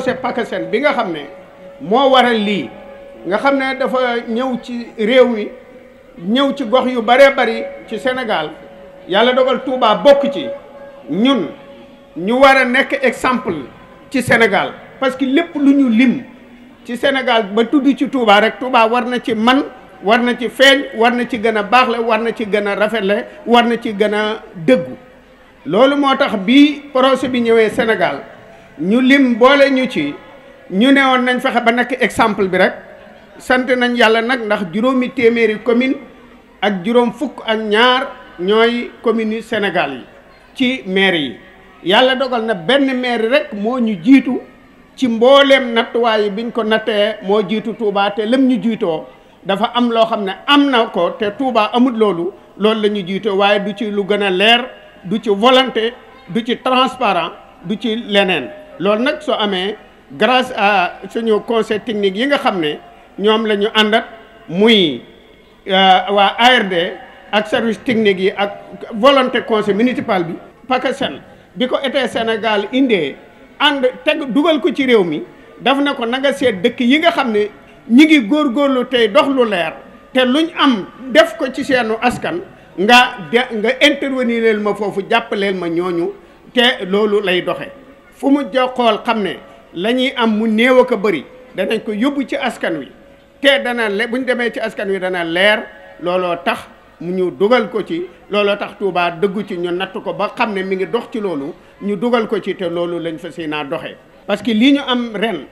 procès Pakistan bi nga xam ne moo waral lii nga xam ne dafa ñëw ci réew mi ñëw ci gox yu bëree bari ci Sénégal yàlla dogal Touba bokk ci ñun ñu war a nekk exemple ci Sénégal parce que lépp lu ñu lim ci senegal ba tudd ci Touba rek Touba war na ci man war na ci feeñ war na ci gën a baax la war na ci gën a rafet la war na ci gën a dëggu loolu moo tax bii procès bi ñëwee Sénégal ñu lim boole ñu ci ñu ne woon nañ fexe ba nekk exemple bi rek sant nañ yàlla nag ndax juróomi téeméeri commune ak juróom fukk ak ñaar ñooy communes yu Sénégal yi ci maire yi yàlla dogal na benn maire rek moo ñu jiitu ci mbooleem nattuwaay biñ ko nattee moo jiitu Touba te lëm ñu jiitoo dafa am loo xam ne am na ko te Touba amul loolu loolu la jiitoo waaye du ci lu gën a leer du ci volonté du ci transparent du ci leneen loolu nag soo amee grâce à suñu conseil technique yi nga xam ne ñoom la ñu àndat muy euh, waa ARD ak service technique yi ak volonté conseil municipal bi PACASEN bi ko été Sénégal indee ànd teg dugal ko ci réew mi daf na ko nanga seet dëkk yi nga xam ne ñi ngi góor góorlu tey dox lu leer te luñ am def ko ci seenu askan nga de nga intervenir leen ma foofu jàppaleel ma ñooñu te loolu lay doxe fu mu joxool xam ne la ñuy am mu néew ak a bëri danañ ko yóbbu ci askan wi te dana le bu ñu demee ci askan wi dana leer looloo tax mu ñu dugal ko ci looloo tax Touba dëggu ci ñu natt ko ba xam ne mi ngi dox ci loolu ñu dugal ko ci te loolu fa si naa doxe parce que lii ñu am ren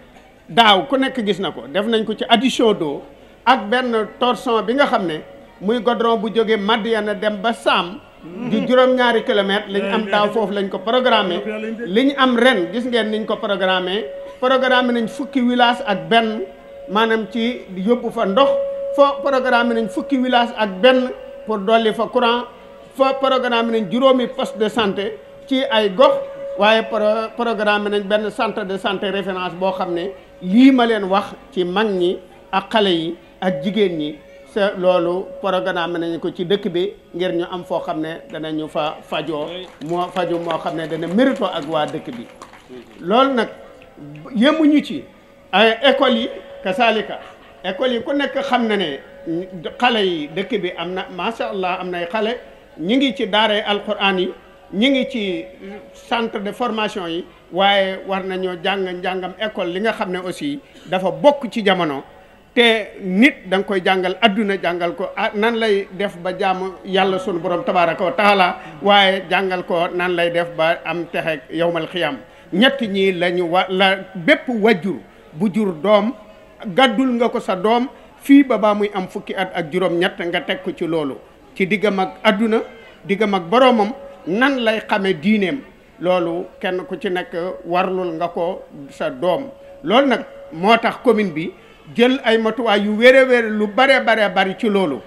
daaw ku nekk gis na ko def nañ ko ci addition doo ak benn torson bi nga xam ne muy godron bu jógee na dem ba Saam. di juróom-ñaari kilomètres li ñu am daaw foofu lañ ko programmé li ñu am ren gis ngeen niñ ko programmé programmé nañ fukki village ak benn maanaam ci yóbbu fa ndox foo programmé nañ fukki village ak benn pour dolli fa courant foo programmé nañ juróomi poste de santé ci ay gox waaye programmé nañ benn centre de santé référence boo xam ne lii ma leen wax ci mag ñi ak xale yi ak jigéen ñi sa loolu programme nañu ko ci dëkk bi ngir ñu am foo xam ne danañu fa fajoo moo faju moo xam ne dana mérito ak waa dëkk bi loolu nag yemuñu ci ay école yi kasaalika école yi ku nekk xam na ne xale yi dëkk bi am na macha allah am nay xale ñi ngi ci daaray alquran yi ñi ngi ci centre de formation yi waaye war nañoo jàng njàngam école li nga xam ne aussi dafa bokk ci jamono te nit da nga koy jàngal adduna jàngal ko ah, nan lay def ba jaamu yàlla sunu borom tabaraka wa taala waaye jàngal ko nan lay def ba am texe yowmal xiyam ñett ñii la ñu wa la bépp wajjur bu jur doom gàddul nga ko sa doom fii ba baa muy am fukki at ak juróom ñett nga teg ko ci loolu ci diggam ak adduna diggam ak boroomam nan lay xame diineem loolu kenn ku ci nekk warlul nga ko sa doom loolu nag moo tax commune bi jël ay matuwaay yu wére wére lu bare bare bari ci loolu